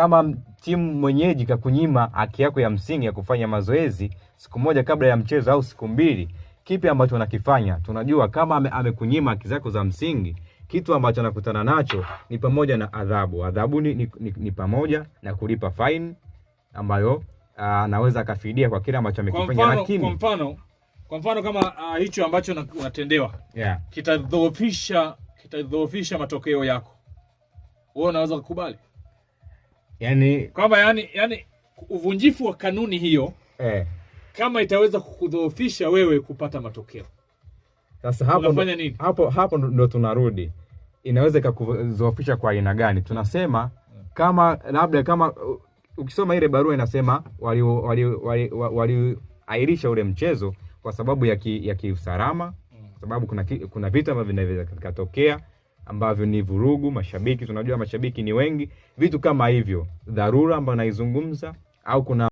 kama timu mwenyeji kakunyima haki yako ya msingi ya kufanya mazoezi siku moja kabla ya mchezo au siku mbili, kipi ambacho unakifanya Tunajua kama amekunyima ame, haki zako za msingi, kitu ambacho anakutana nacho ni pamoja na adhabu. Adhabu ni, ni, ni, ni pamoja na kulipa fine ambayo ah, anaweza akafidia kwa kile ambacho amekifanya. Lakini kwa mfano, kwa mfano kama uh, hicho ambacho unatendewa yeah, kitadhoofisha kitadhoofisha matokeo yako, wewe unaweza kukubali? yani kwamba yani, yani uvunjifu wa kanuni hiyo eh, kama itaweza kukudhoofisha wewe kupata matokeo. Sasa hapo nini? Hapo hapo ndo tunarudi, inaweza ikakudhoofisha kwa aina gani? Tunasema hmm. kama labda kama ukisoma ile barua inasema waliairisha wali, wali, wali, wali ule mchezo kwa sababu ya kiusalama hmm. ki, sababu kuna, kuna vitu ambavyo vinaweza vikatokea ambavyo ni vurugu, mashabiki tunajua mashabiki ni wengi, vitu kama hivyo, dharura ambayo naizungumza au kuna